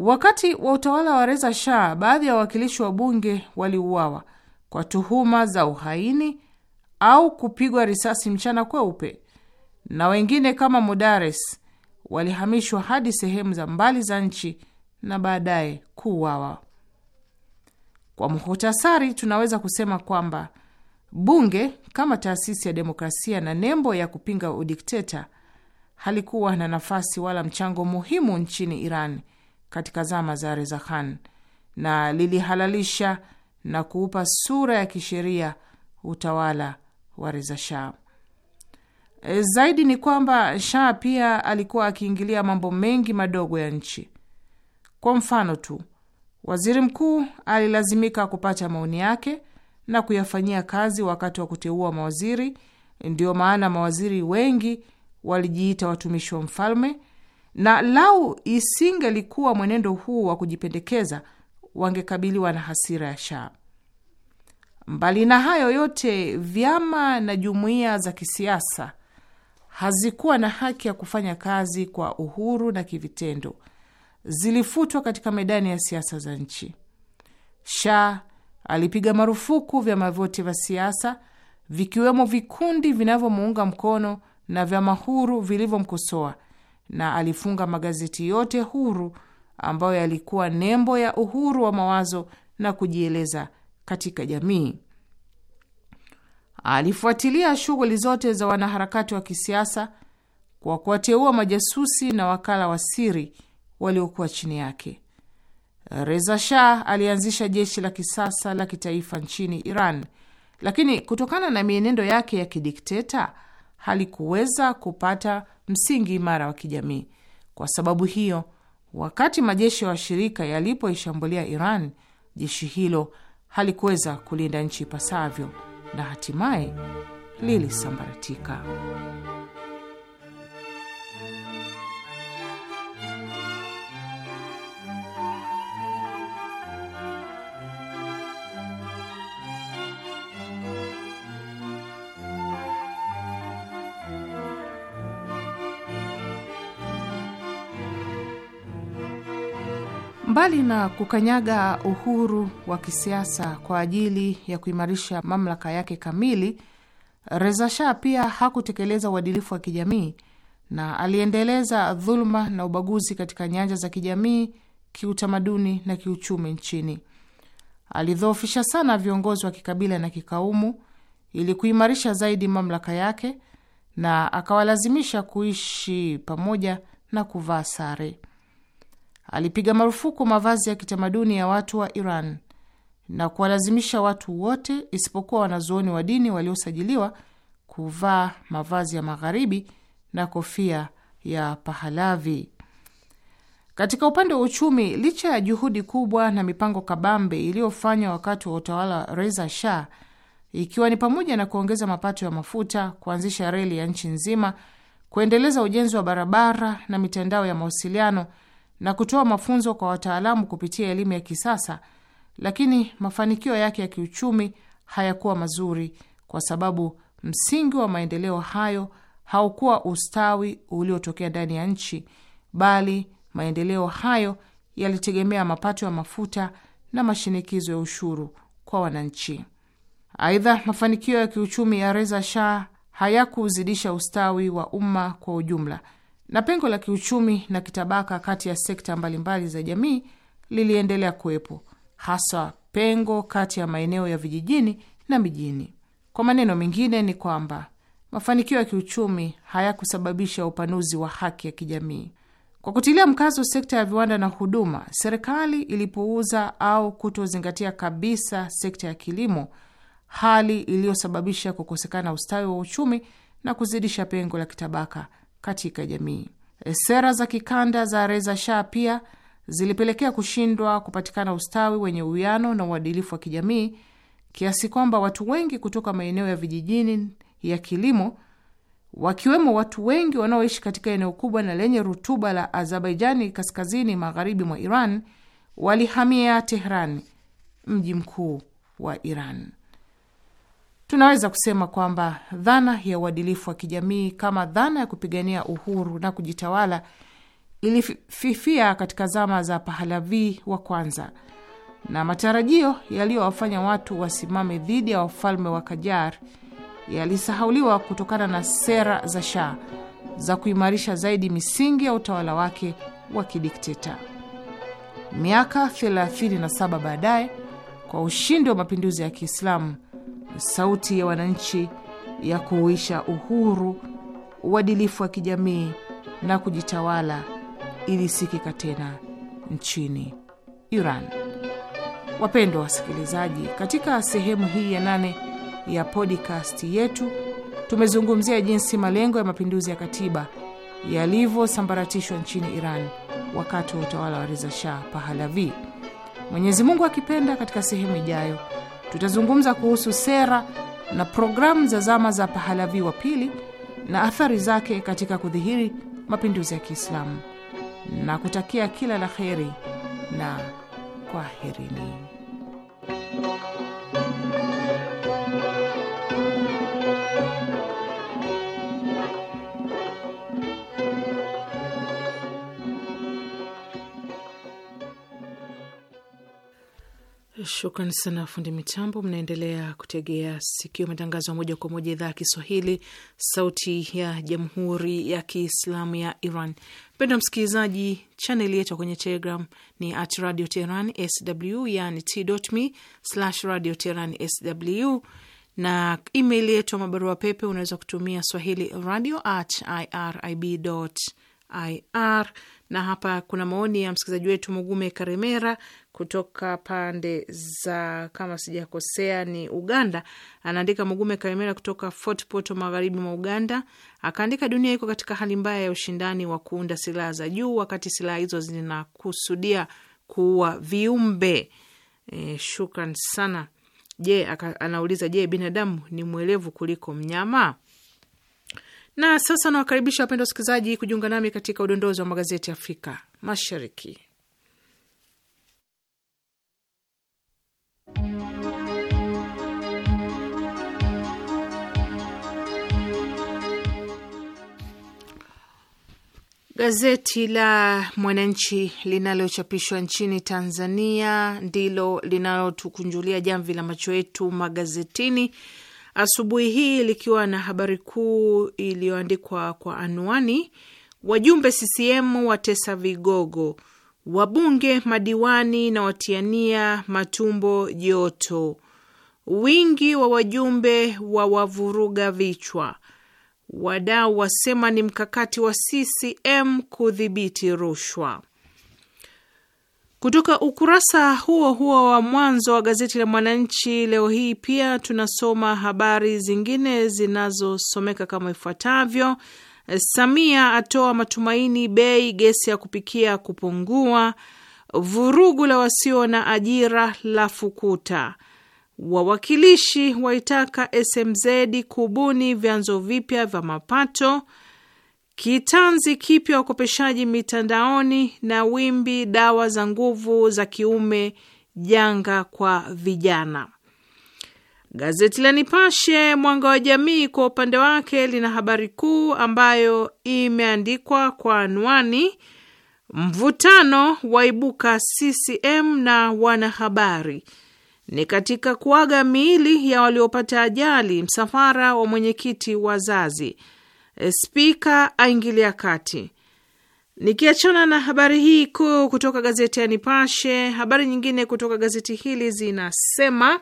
Wakati wa utawala wa Reza Shah, baadhi ya wawakilishi wa bunge waliuawa kwa tuhuma za uhaini au kupigwa risasi mchana kweupe, na wengine kama Modares walihamishwa hadi sehemu za mbali za nchi na baadaye kuuawa. Kwa muhtasari, tunaweza kusema kwamba bunge kama taasisi ya demokrasia na nembo ya kupinga udikteta halikuwa na nafasi wala mchango muhimu nchini Iran katika zama za Reza Khan na lilihalalisha na kuupa sura ya kisheria utawala wa Reza Shah. E, zaidi ni kwamba Shah pia alikuwa akiingilia mambo mengi madogo ya nchi. Kwa mfano tu, waziri mkuu alilazimika kupata maoni yake na kuyafanyia kazi wakati wa kuteua mawaziri. Ndiyo maana mawaziri wengi walijiita watumishi wa mfalme na lau isingelikuwa mwenendo huu wa kujipendekeza, wangekabiliwa na hasira ya Shah. Mbali na hayo yote, vyama na jumuiya za kisiasa hazikuwa na haki ya kufanya kazi kwa uhuru na kivitendo, zilifutwa katika medani ya siasa za nchi. Shah alipiga marufuku vyama vyote vya siasa vikiwemo vikundi vinavyomuunga mkono na vyama huru vilivyomkosoa na alifunga magazeti yote huru ambayo yalikuwa nembo ya uhuru wa mawazo na kujieleza katika jamii. Alifuatilia shughuli zote za wanaharakati wa kisiasa kwa kuwateua majasusi na wakala wa siri waliokuwa chini yake. Reza Shah alianzisha jeshi la kisasa la kitaifa nchini Iran, lakini kutokana na mienendo yake ya kidikteta halikuweza kupata msingi imara wa kijamii. Kwa sababu hiyo, wakati majeshi ya washirika yalipoishambulia Iran, jeshi hilo halikuweza kulinda nchi ipasavyo na hatimaye lilisambaratika. Mbali na kukanyaga uhuru wa kisiasa kwa ajili ya kuimarisha mamlaka yake kamili, Reza Shah pia hakutekeleza uadilifu wa kijamii na aliendeleza dhuluma na ubaguzi katika nyanja za kijamii, kiutamaduni na kiuchumi nchini. Alidhoofisha sana viongozi wa kikabila na kikaumu ili kuimarisha zaidi mamlaka yake na akawalazimisha kuishi pamoja na kuvaa sare alipiga marufuku mavazi ya kitamaduni ya watu wa Iran na kuwalazimisha watu wote isipokuwa wanazuoni wa dini waliosajiliwa kuvaa mavazi ya magharibi na kofia ya Pahalavi. Katika upande wa uchumi, licha ya juhudi kubwa na mipango kabambe iliyofanywa wakati wa utawala wa Reza Shah, ikiwa ni pamoja na kuongeza mapato ya mafuta, kuanzisha reli ya nchi nzima, kuendeleza ujenzi wa barabara na mitandao ya mawasiliano na kutoa mafunzo kwa wataalamu kupitia elimu ya kisasa, lakini mafanikio yake ya kiuchumi hayakuwa mazuri kwa sababu msingi wa maendeleo hayo haukuwa ustawi uliotokea ndani ya nchi, bali maendeleo hayo yalitegemea mapato ya mafuta na mashinikizo ya ushuru kwa wananchi. Aidha, mafanikio ya kiuchumi ya Reza Shah hayakuzidisha ustawi wa umma kwa ujumla, na pengo la kiuchumi na kitabaka kati ya sekta mbalimbali za jamii liliendelea kuwepo, hasa pengo kati ya maeneo ya vijijini na mijini. Kwa maneno mengine, ni kwamba mafanikio ya kiuchumi hayakusababisha upanuzi wa haki ya kijamii. Kwa kutilia mkazo sekta ya viwanda na huduma, serikali ilipuuza au kutozingatia kabisa sekta ya kilimo, hali iliyosababisha kukosekana ustawi wa uchumi na kuzidisha pengo la kitabaka katika jamii. Eh, sera za kikanda za Reza Shah pia zilipelekea kushindwa kupatikana ustawi wenye uwiano na uadilifu wa kijamii kiasi kwamba watu wengi kutoka maeneo ya vijijini ya kilimo wakiwemo watu wengi wanaoishi katika eneo kubwa na lenye rutuba la Azerbaijani kaskazini magharibi mwa Iran walihamia Tehran, mji mkuu wa Iran. Tunaweza kusema kwamba dhana ya uadilifu wa kijamii kama dhana ya kupigania uhuru na kujitawala ilififia katika zama za Pahalavi wa kwanza, na matarajio yaliyowafanya watu wasimame dhidi ya wafalme wa Kajar yalisahauliwa kutokana na sera za Shah za kuimarisha zaidi misingi ya utawala wake wa kidikteta. Miaka 37 baadaye, kwa ushindi wa mapinduzi ya Kiislamu sauti ya wananchi ya kuuisha uhuru, uadilifu wa kijamii na kujitawala ilisikika tena nchini Iran. Wapendwa wasikilizaji, katika sehemu hii ya nane ya podcast yetu tumezungumzia jinsi malengo ya mapinduzi ya katiba yalivyosambaratishwa nchini Iran wakati wa utawala wa Reza Shah Pahlavi. Mwenyezi Mungu akipenda, katika sehemu ijayo Tutazungumza kuhusu sera na programu za zama za Pahalavi wa pili na athari zake katika kudhihiri mapinduzi ya Kiislamu na kutakia kila la heri na kwaherini. Shukran sana fundi mitambo. Mnaendelea kutegea sikio matangazo ya moja kwa moja idhaa ya Kiswahili, sauti ya jamhuri ya kiislamu ya Iran. Mpendwa msikilizaji, chaneli yetu kwenye Telegram ni at radio teheran sw, yani t.me slash radio teheran sw, na email yetu ya mabarua pepe unaweza kutumia swahili radio at irib ir. Na hapa kuna maoni ya msikilizaji wetu Mugume Karemera kutoka pande za kama sijakosea ni Uganda. Anaandika Mugume Karimera kutoka Fort Poto, magharibi mwa Uganda. Akaandika, dunia iko katika hali mbaya ya ushindani wa kuunda silaha za juu, wakati silaha hizo zinakusudia kuua viumbe. E, shukran sana. Je, anauliza je, binadamu ni mwelevu kuliko mnyama? Na sasa nawakaribisha wapenda wasikilizaji kujiunga nami katika udondozi wa magazeti ya Afrika Mashariki. Gazeti la Mwananchi linalochapishwa nchini Tanzania ndilo linalotukunjulia jamvi la macho yetu magazetini asubuhi hii likiwa na habari kuu iliyoandikwa kwa anwani, wajumbe CCM watesa vigogo wabunge, madiwani na watiania matumbo joto, wingi wa wajumbe wa wavuruga vichwa, wadau wasema ni mkakati wa CCM kudhibiti rushwa. Kutoka ukurasa huo huo wa mwanzo wa gazeti la Mwananchi leo hii pia tunasoma habari zingine zinazosomeka kama ifuatavyo: Samia atoa matumaini bei gesi ya kupikia kupungua. Vurugu la wasio na ajira la fukuta. Wawakilishi waitaka SMZ kubuni vyanzo vipya vya mapato. Kitanzi kipya wakopeshaji mitandaoni, na wimbi dawa za nguvu za kiume janga kwa vijana. Gazeti la Nipashe Mwanga wa Jamii kwa upande wake lina habari kuu ambayo imeandikwa kwa anwani mvutano waibuka CCM na wanahabari. Ni katika kuaga miili ya waliopata ajali msafara wa mwenyekiti wazazi, spika aingilia kati. Nikiachana na habari hii kuu kutoka gazeti ya Nipashe, habari nyingine kutoka gazeti hili zinasema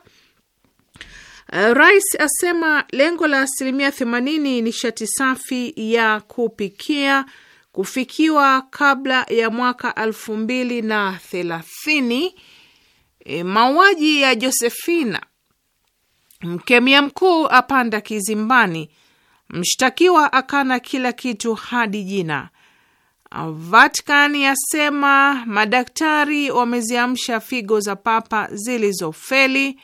Eh, rais asema lengo la asilimia 80 nishati safi ya kupikia kufikiwa kabla ya mwaka elfu mbili na thelathini. E, mauaji ya Josefina, mkemia mkuu apanda kizimbani, mshtakiwa akana kila kitu hadi jina. Vatican yasema madaktari wameziamsha figo za papa zilizofeli.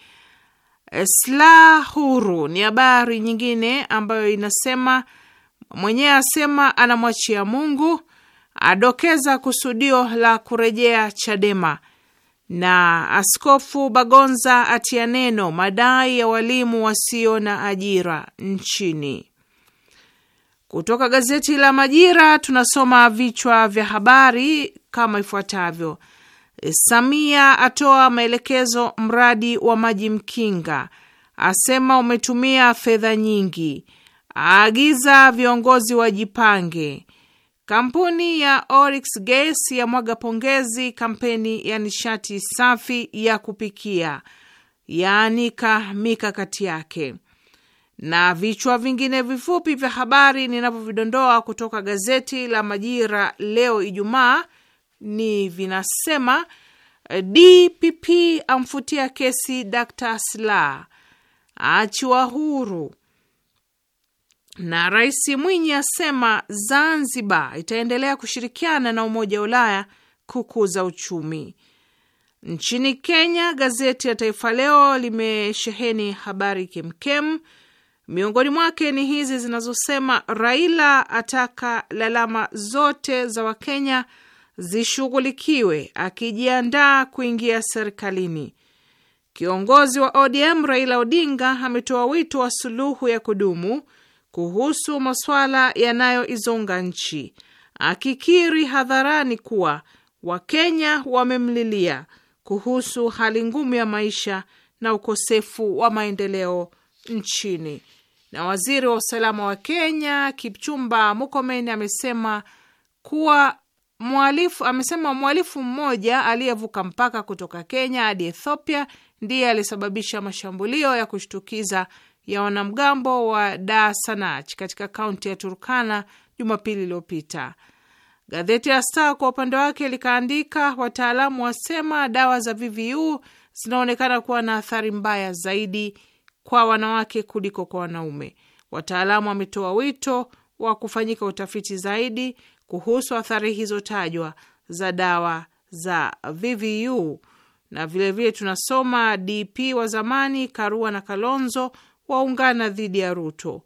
Eh, Sla huru ni habari nyingine ambayo inasema mwenyewe asema anamwachia Mungu, adokeza kusudio la kurejea Chadema na Askofu Bagonza atia neno madai ya walimu wasio na ajira nchini. Kutoka gazeti la Majira tunasoma vichwa vya habari kama ifuatavyo: Samia atoa maelekezo mradi wa maji Mkinga, asema umetumia fedha nyingi, aagiza viongozi wajipange. Kampuni ya Oryx Gas ya mwaga pongezi kampeni ya nishati safi ya kupikia, yaanika mikakati yake. Na vichwa vingine vifupi vya habari ninavyovidondoa kutoka gazeti la Majira leo Ijumaa ni vinasema: eh, DPP amfutia kesi Dr. sla achiwa huru, na Rais Mwinyi asema Zanzibar itaendelea kushirikiana na Umoja wa Ulaya kukuza uchumi. Nchini Kenya, gazeti ya Taifa Leo limesheheni habari kemkem. Miongoni mwake ni hizi zinazosema Raila ataka lalama zote za Wakenya zishughulikiwe akijiandaa kuingia serikalini. Kiongozi wa ODM Raila Odinga ametoa wito wa suluhu ya kudumu kuhusu masuala yanayoizonga nchi, akikiri hadharani kuwa Wakenya wamemlilia kuhusu hali ngumu ya maisha na ukosefu wa maendeleo nchini. Na waziri wa usalama wa Kenya Kipchumba Mukomeni amesema kuwa Mwalifu amesema mwalifu mmoja aliyevuka mpaka kutoka Kenya hadi Ethiopia ndiye alisababisha mashambulio ya kushtukiza ya wanamgambo wa Dasanach katika kaunti ya Turkana Jumapili iliyopita. Gazeti la Star kwa upande wake likaandika, wataalamu wasema dawa za VVU zinaonekana kuwa na athari mbaya zaidi kwa wanawake kuliko kwa wanaume. Wataalamu wametoa wito wa kufanyika utafiti zaidi kuhusu athari hizo tajwa za dawa za VVU na vilevile vile tunasoma DP wa zamani Karua na Kalonzo waungana dhidi ya Ruto.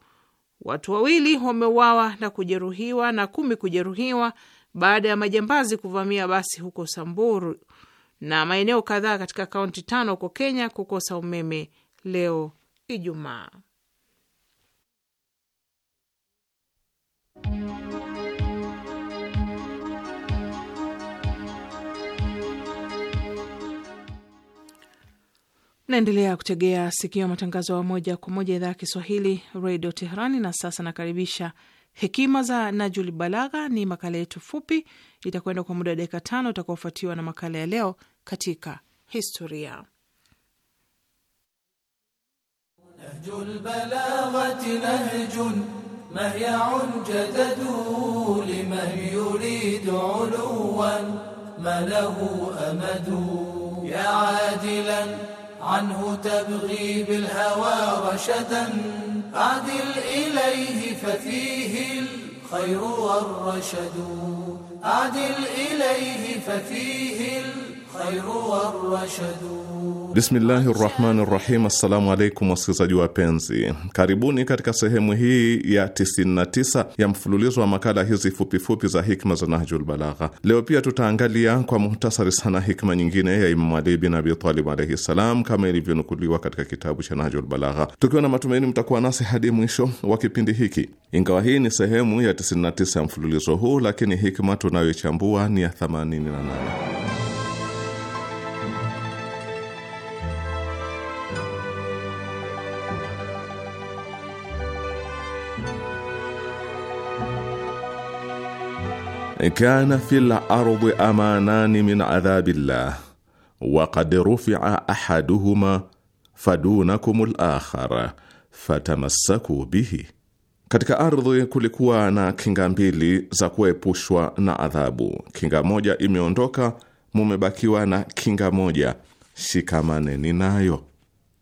Watu wawili wameuawa na kujeruhiwa na kumi kujeruhiwa baada ya majambazi kuvamia basi huko Samburu na maeneo kadhaa katika kaunti tano huko Kenya kukosa umeme leo Ijumaa. Naendelea kutegea sikio matangazo ya moja kwa moja idhaa ya Kiswahili redio Teherani. Na sasa nakaribisha hekima za Najul Balagha. Ni makala yetu fupi, itakwenda kwa muda wa dakika tano, utakaofuatiwa na makala ya leo katika historia. Nahjul عنه تبغي بالهوى رشدا أعدل إليه ففيه الخير والرشد عدل إليه ففيه الخير Bismillahi rahmani rahim. Assalamu alaikum wasikilizaji wapenzi, karibuni katika sehemu hii ya 99 ya mfululizo wa makala hizi fupifupi za hikma za Nahjul Balagha. Leo pia tutaangalia kwa muhtasari sana hikma nyingine ya Imamu Ali bin Abi Talib alaihi ssalam, kama ilivyonukuliwa katika kitabu cha Nahjul Balagha, tukiwa na matumaini mtakuwa nasi hadi mwisho wa kipindi hiki. Ingawa hii ni sehemu ya 99 ya mfululizo huu, lakini hikma tunayoichambua ni ya 88. kana fi lardi amanani min adhabi llah wa qad rufia ahaduhuma fadunakum lakhar fatamassaku bihi, katika ardhi kulikuwa na kinga mbili za kuepushwa na adhabu. Kinga moja imeondoka, mumebakiwa na kinga moja, shikamaneni nayo.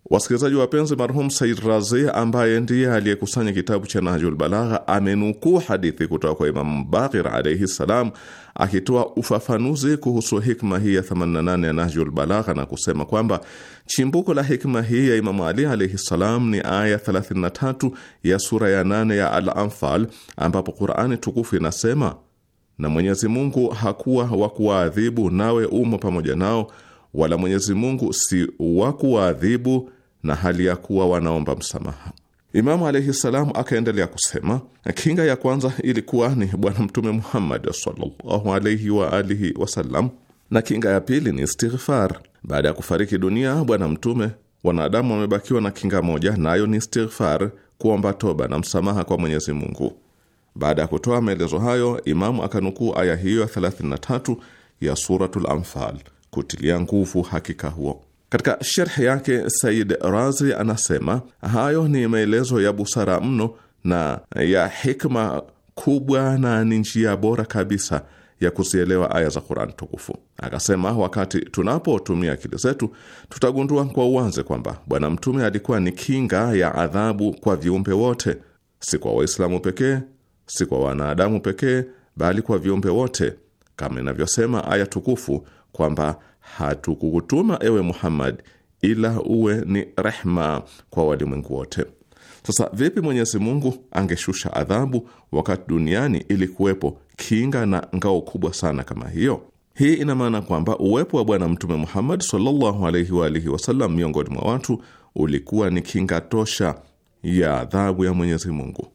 Wasikilizaji wapenzi, marhum Said Razi ambaye ndiye aliyekusanya kitabu cha Nahjul Balagha amenukuu hadithi kutoka kwa Imamu Baqir alaihi ssalam akitoa ufafanuzi kuhusu hikma hii ya 88 ya Nahjul Balagha na kusema kwamba chimbuko la hikma hii ya Imamu Ali alaihi ssalam ni aya 33 ya sura ya 8 ya Al-Anfal ambapo Qurani tukufu inasema, na Mwenyezi Mungu hakuwa wa kuwaadhibu nawe umo pamoja nao wala Mwenyezi Mungu si wa kuwaadhibu na hali ya kuwa wanaomba msamaha. Imamu alaihi salamu akaendelea kusema, kinga ya kwanza ilikuwa ni Bwana Mtume Muhammad sallallahu alaihi wa alihi wasallam, na kinga ya pili ni istighfar. Baada ya kufariki dunia Bwana Mtume, wanadamu wamebakiwa na kinga moja, nayo ni istighfar, kuomba toba na msamaha kwa Mwenyezi Mungu. Baada ya kutoa maelezo hayo, Imamu akanukuu aya hiyo ya 33 ya Suratul Anfal kutilia nguvu hakika huo. Katika sherhe yake, Said Razi anasema hayo ni maelezo ya busara mno na ya hikma kubwa na ni njia bora kabisa ya kuzielewa aya za Qur'an tukufu. Akasema wakati tunapotumia akili zetu tutagundua kwa uwanze kwamba Bwana Mtume alikuwa ni kinga ya adhabu kwa viumbe wote, si kwa Waislamu pekee, si kwa wanadamu pekee, bali kwa viumbe wote, kama inavyosema aya tukufu kwamba hatukukutuma ewe Muhammad ila uwe ni rehma kwa walimwengu wote. Sasa vipi Mwenyezi Mungu angeshusha adhabu wakati duniani ili kuwepo kinga na ngao kubwa sana kama hiyo? Hii ina maana kwamba uwepo wa Bwana Mtume Muhammad sallallahu alaihi wa alihi wasallam miongoni mwa watu ulikuwa ni kinga tosha ya adhabu ya Mwenyezi Mungu.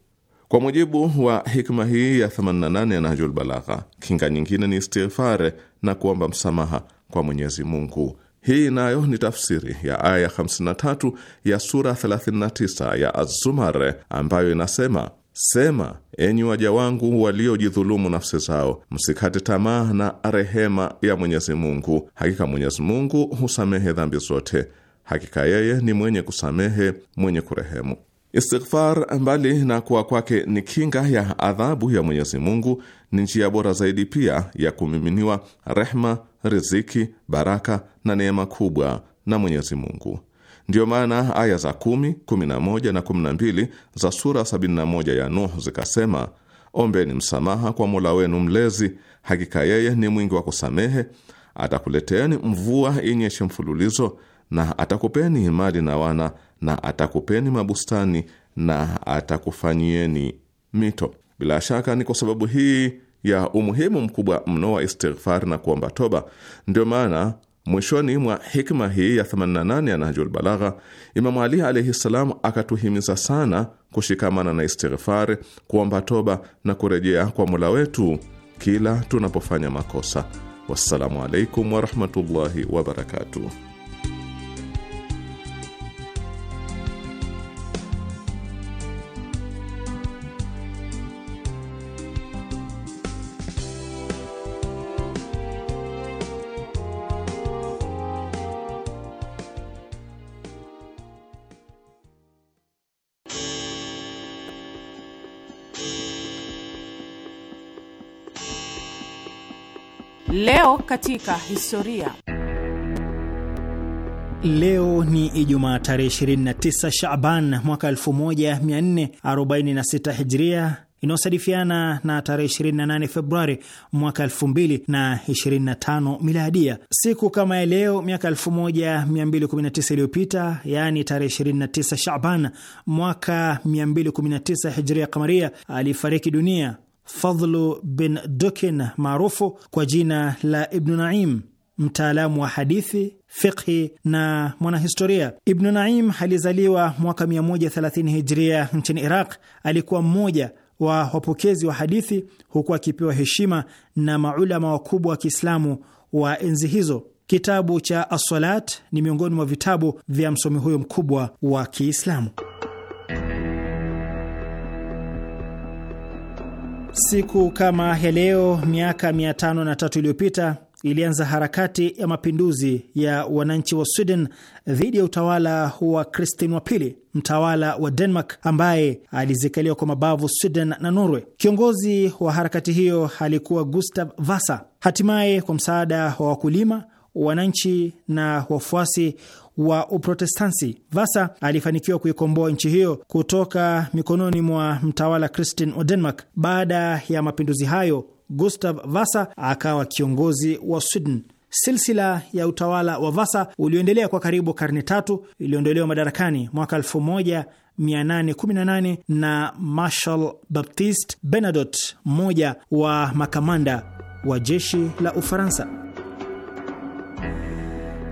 Kwa mujibu wa hikma hii ya 88 ya Nahjul Balagha, kinga nyingine ni istighfar na kuomba msamaha kwa Mwenyezi Mungu. Hii nayo ni tafsiri ya aya 53 ya sura 39 ya Az-Zumar ambayo inasema: Sema, enyi waja wangu waliojidhulumu nafsi zao, msikate tamaa na rehema ya Mwenyezi Mungu. Hakika Mwenyezi Mungu husamehe dhambi zote, hakika yeye ni mwenye kusamehe, mwenye kurehemu. Istighfar, mbali na kuwa kwake ni kinga ya adhabu ya Mwenyezi Mungu, ni njia bora zaidi pia ya kumiminiwa rehma, riziki, baraka na neema kubwa na Mwenyezi Mungu. Ndiyo maana aya za kumi, na 12 za sura 71 ya Nuh zikasema: ombeni msamaha kwa Mola wenu Mlezi, hakika yeye ni mwingi wa kusamehe, atakuleteeni mvua inyeshe mfululizo na atakupeni mali na wana na atakupeni mabustani na atakufanyieni mito. Bila shaka ni kwa sababu hii ya umuhimu mkubwa mno wa istighfar na kuomba toba, ndio maana mwishoni mwa hikma hii ya 88 ya Nahjul Balagha, Imamu Ali alaihi ssalam akatuhimiza sana kushikamana na istighfar, kuomba toba na kurejea kwa Mola wetu kila tunapofanya makosa. Wassalamu alaikum warahmatullahi wabarakatuh. Leo katika historia. Leo ni Ijumaa tarehe 29 Shaban mwaka 1446 Hijria inayosadifiana na tarehe 28 Februari mwaka 2025 miladia. Siku kama ya leo miaka 1219 iliyopita, yaani tarehe 29 Shaban mwaka 219 hijria kamaria, alifariki dunia Fadhlu bin Dukin maarufu kwa jina la Ibnu Naim, mtaalamu wa hadithi, fiqhi na mwanahistoria. Ibnu Naim alizaliwa mwaka 130 Hijria nchini Iraq. Alikuwa mmoja wa wapokezi wa hadithi, huku akipewa heshima na maulama wakubwa wa Kiislamu wa enzi hizo. Kitabu cha Assalat ni miongoni mwa vitabu vya msomi huyo mkubwa wa Kiislamu. Siku kama ya leo miaka tatu iliyopita ilianza harakati ya mapinduzi ya wananchi wa Sweden dhidi ya utawala wa Kristin wa pili, mtawala wa Denmark ambaye alizikaliwa kwa mabavu Sweden na Norway. Kiongozi wa harakati hiyo alikuwa Gustav Vasa. Hatimaye, kwa msaada wa wakulima, wananchi na wafuasi wa Uprotestansi. Vasa alifanikiwa kuikomboa nchi hiyo kutoka mikononi mwa mtawala Christian Odenmark. Baada ya mapinduzi hayo, Gustav Vasa akawa kiongozi wa Sweden. Silsila ya utawala wa Vasa ulioendelea kwa karibu karne tatu iliondolewa madarakani mwaka 1818 na Marshal baptist Bernadotte, mmoja wa makamanda wa jeshi la Ufaransa.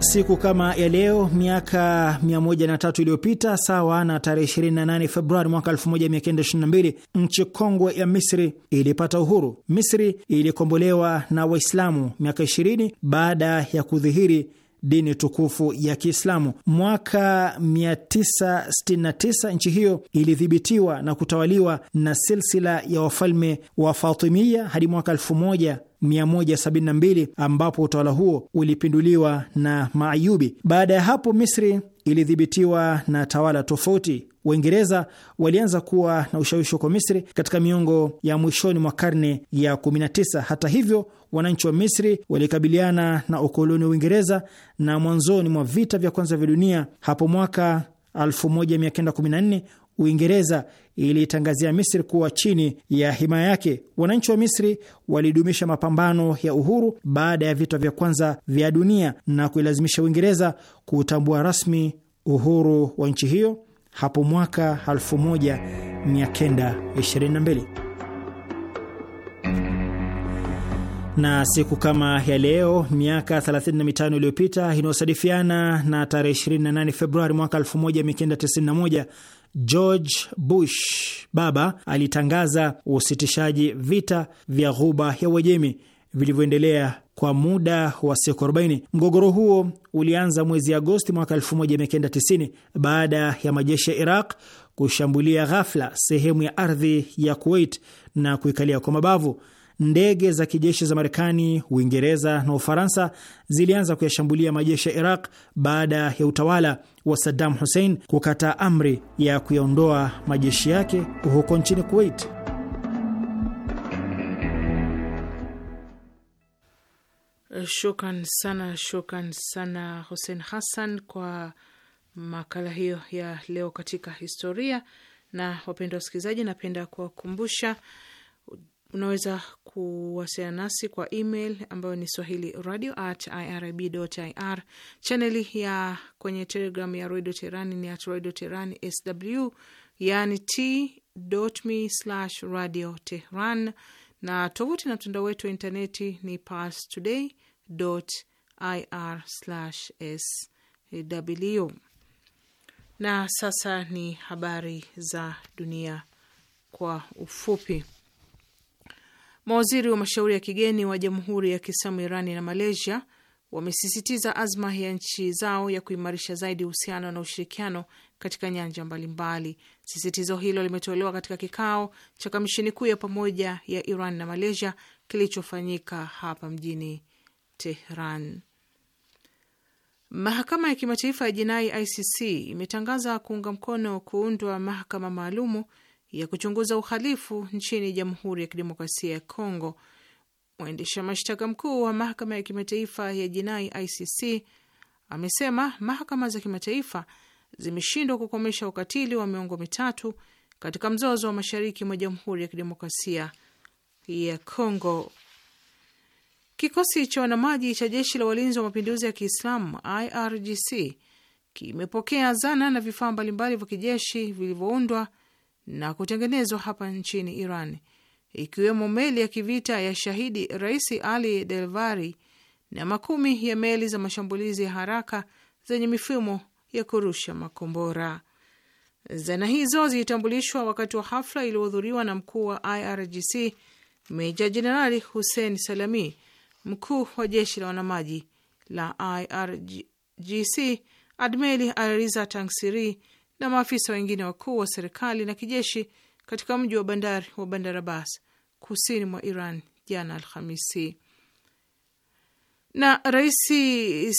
Siku kama ya leo miaka 103 iliyopita, sawa na tarehe 28 Februari mwaka 1922, nchi kongwe ya Misri ilipata uhuru. Misri ilikombolewa na Waislamu miaka 20 baada ya kudhihiri dini tukufu ya Kiislamu. Mwaka 969 nchi hiyo ilidhibitiwa na kutawaliwa na silsila ya wafalme wa Fatimia hadi mwaka 172 ambapo utawala huo ulipinduliwa na Maayubi. Baada ya hapo, Misri ilidhibitiwa na tawala tofauti. Waingereza walianza kuwa na ushawishi huko Misri katika miongo ya mwishoni mwa karne ya 19. Hata hivyo, wananchi wa Misri walikabiliana na ukoloni wa Uingereza na mwanzoni mwa vita vya kwanza vya dunia hapo mwaka 1914 Uingereza ilitangazia Misri kuwa chini ya himaya yake. Wananchi wa Misri walidumisha mapambano ya uhuru baada ya vita vya kwanza vya dunia na kuilazimisha Uingereza kutambua rasmi uhuru wa nchi hiyo hapo mwaka 1922 na siku kama ya leo miaka 35 iliyopita inayosadifiana na tarehe 28 Februari mwaka 1991 George Bush baba alitangaza usitishaji vita vya Ghuba ya Uajemi vilivyoendelea kwa muda wa siku 40. Mgogoro huo ulianza mwezi Agosti mwaka 1990 baada ya majeshi ya Iraq kushambulia ghafla sehemu ya ardhi ya Kuwait na kuikalia kwa mabavu ndege za kijeshi za Marekani, Uingereza na Ufaransa zilianza kuyashambulia majeshi ya Iraq baada ya utawala wa Saddam Hussein kukataa amri ya kuyaondoa majeshi yake huko nchini Kuwait. Shukran sana, shukran sana Hussein Hassan kwa makala hiyo ya leo katika historia. Na wapendwa wasikilizaji, napenda kuwakumbusha Unaweza kuwasiliana nasi kwa email ambayo ni swahili radio at irib ir. Chaneli ya kwenye telegram ya redio Teherani ni at radio teherani sw, yani t.me slash radio tehran, na tovuti na mtandao wetu wa intaneti ni pars today ir slash sw. Na sasa ni habari za dunia kwa ufupi. Mawaziri wa mashauri ya kigeni wa Jamhuri ya Kiislamu Irani na Malaysia wamesisitiza azma ya nchi zao ya kuimarisha zaidi uhusiano na ushirikiano katika nyanja mbalimbali. Sisitizo hilo limetolewa katika kikao cha kamisheni kuu ya pamoja ya Iran na Malaysia kilichofanyika hapa mjini Tehran. Mahakama ya kimataifa ya jinai ICC imetangaza kuunga mkono kuundwa mahakama maalumu ya kuchunguza uhalifu nchini Jamhuri ya Kidemokrasia ya Kongo, mwendesha mashtaka mkuu wa mahakama ya kimataifa ya jinai ICC amesema mahakama za kimataifa zimeshindwa kukomesha ukatili wa miongo mitatu katika mzozo wa mashariki mwa Jamhuri ya Kidemokrasia ya Kongo. Kikosi cha wanamaji cha jeshi la walinzi wa mapinduzi ya Kiislamu IRGC kimepokea zana na vifaa mbalimbali vya kijeshi vilivyoundwa na kutengenezwa hapa nchini Iran, ikiwemo meli ya kivita ya shahidi Rais Ali Delvari na makumi ya meli za mashambulizi ya haraka zenye mifumo ya kurusha makombora. Zana hizo zilitambulishwa wakati wa hafla iliyohudhuriwa na mkuu wa IRGC Meja Jenerali Hussein Salami, mkuu wa jeshi la wanamaji la IRGC, Admeli Ariza Tangsiri na maafisa wengine wakuu wa serikali na kijeshi katika mji wa bandari wa Bandar Abbas kusini mwa Iran jana Alhamisi. Na Rais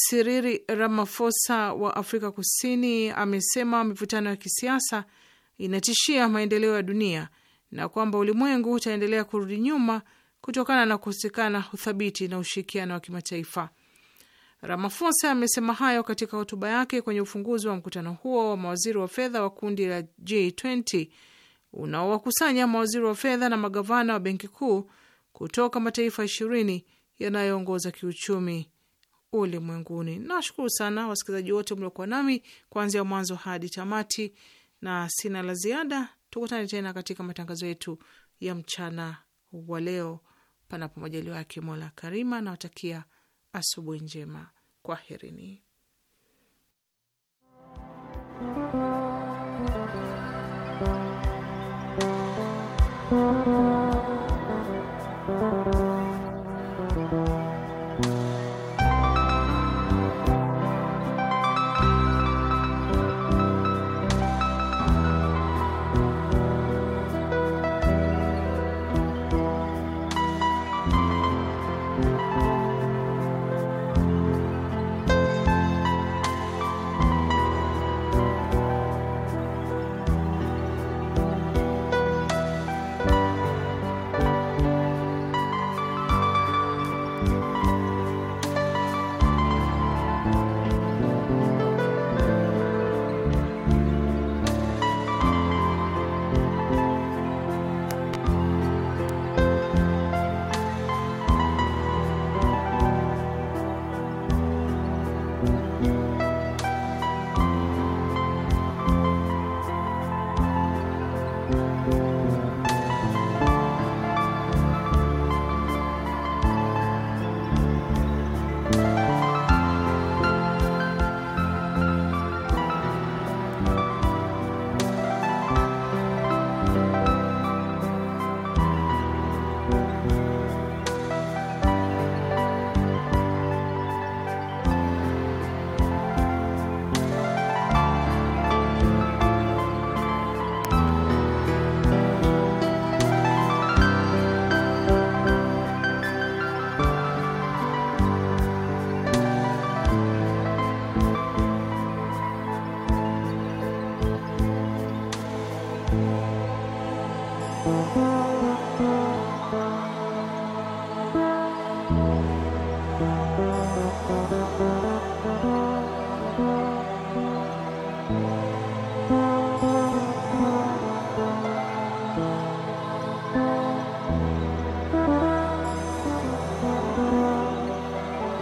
Cyril Ramaphosa wa Afrika Kusini amesema mivutano ya kisiasa inatishia maendeleo ya dunia na kwamba ulimwengu utaendelea kurudi nyuma kutokana na kukosekana uthabiti na ushirikiano wa kimataifa. Ramafosa amesema hayo katika hotuba yake kwenye ufunguzi wa mkutano huo wa mawaziri wa fedha wa kundi la G20 unaowakusanya mawaziri wa fedha na magavana wa benki kuu kutoka mataifa ishirini yanayoongoza kiuchumi ulimwenguni. Nashukuru sana wasikilizaji wote mliokuwa nami kuanzia mwanzo hadi tamati, na sina la ziada. Tukutane tena katika matangazo yetu ya mchana wa leo, panapo majaliwa yake Mola Karima. Nawatakia Asubuhi njema, kwaherini.